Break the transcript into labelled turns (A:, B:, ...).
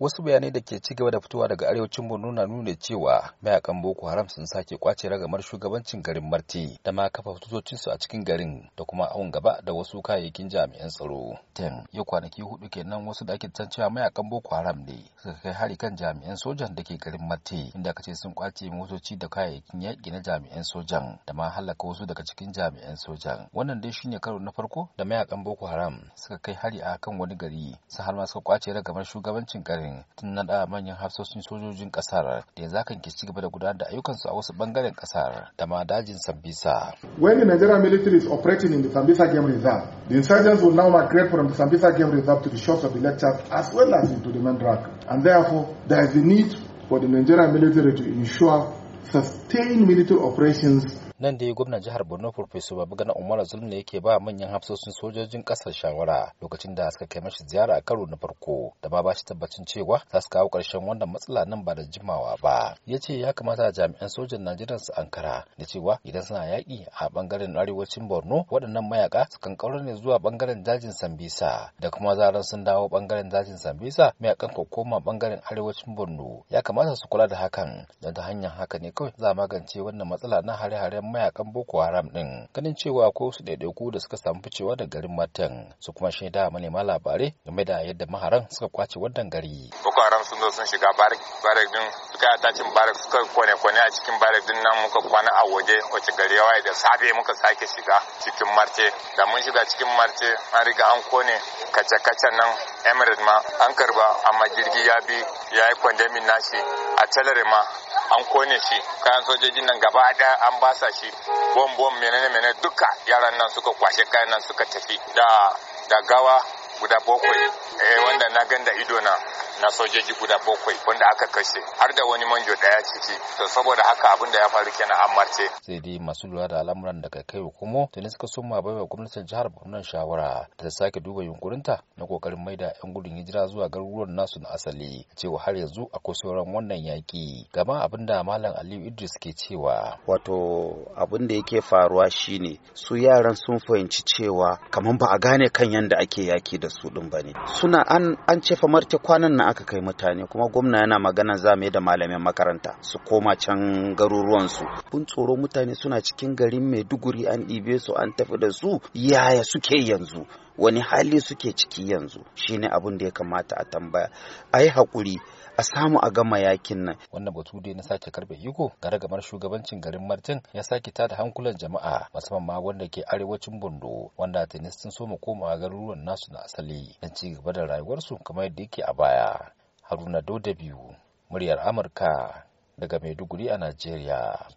A: wasu bayanai da ke ci gaba da fitowa daga arewacin borno na nuna cewa mayakan boko haram sun sake kwace ragamar shugabancin garin marti da ma kafa fitocinsu a cikin garin da kuma awon gaba da wasu kayayyakin jami'an tsaro ten ya kwanaki hudu kenan wasu da ake cewa mayakan boko haram ne suka kai hari kan jami'an sojan da ke garin marti inda aka ce sun kwace motoci da kayayyakin yaƙi na jami'an sojan da ma halaka wasu daga cikin jami'an sojan wannan dai shine karo na farko da mayakan boko haram suka kai hari a kan wani gari su har ma suka kwace ragamar shugabancin garin Ukraine tun manyan hafsoshin sojojin ƙasar da za hakan ke cigaba da gudanar da ayyukansu a wasu ɓangaren ƙasar da ma dajin Sambisa. When the Nigerian military is operating in the Sambisa Game Reserve, the insurgents will now migrate from the Sambisa Game Reserve to the shores of the lectures as well as into the Mandrak. And therefore, there is a need for the Nigerian military to ensure sustained
B: military operations
A: nan dai gwamnan jihar borno professor babagana umar umaru ne yake ba manyan hafsoshin sojojin kasar shawara lokacin da suka kai mashi ziyara a karo na farko da ba shi tabbacin cewa za su kawo karshen wannan matsala nan ba da jimawa ba ya ce ya kamata jami'an sojan najeriya su ankara da cewa idan suna yaƙi a bangaren arewacin borno waɗannan mayaka sukan ƙaura ne zuwa bangaren dajin sambisa da kuma zaran sun dawo bangaren dajin sambisa mayakan ko koma ɓangaren arewacin borno ya kamata su kula da hakan don ta hanyar haka ne kawai za a magance wannan matsala na hare-haren mayakan Boko Haram din ganin cewa ko su ɗaiɗaiku da suka samu ficewa da garin Matan su kuma shaida manema labarai game da yadda maharan suka kwace wannan gari.
B: Boko Haram sun zo sun shiga barik din suka tacin barik suka kone kone a cikin barik din nan muka kwana a waje wace gari ya da safe muka sake shiga cikin marce da mun shiga cikin marce an riga an kone kace-kacen nan emirate ma an karba amma jirgi ya bi ya yi kwandamin nashi a talare ma an kone shi kayan sojojin nan gaba an basa shi bom bom menene menene duka yaran nan suka kwashe kayan nan suka tafi da da gawa guda bakwai eh, wanda na ganda ido na na sojoji guda bakwai wanda aka kashe har da wani manjo daya ciki to saboda haka abin da ya faru kenan an marce
A: sai dai masu lura da al'amuran daga kai hukumo ne suka soma baiwa gwamnatin jihar Borno shawara da ta sake duba yunkurinta na kokarin maida yan gudun hijira zuwa garuruwan nasu na asali cewa har yanzu akwai sauran wannan yaki gama abin da malam Aliyu Idris ke cewa
C: wato abin da yake faruwa shine su yaran sun fahimci cewa kamar ba a gane kan yanda ake yaki da su din bane suna an an cefa marke kwanan na aka kai mutane kuma gwamna yana magana za mu da malamin makaranta su koma can garuruwansu kun tsoro mutane suna cikin garin maiduguri an ɗibe su an tafi da su yaya suke yanzu wani hali suke ciki yanzu shine abin da ya kamata a tambaya a yi haƙuri a samu a gama yakin nan wannan batu dai na sake karbe yugo ragamar shugabancin
A: garin martin ya sake tada hankulan jama'a musamman ma wanda ke arewacin bondo wanda tenis sun so mu komawa garuruwan nasu na asali don ci gaba da rayuwarsu kamar yadda yake a baya haruna biyu muryar amurka daga maiduguri a najeriya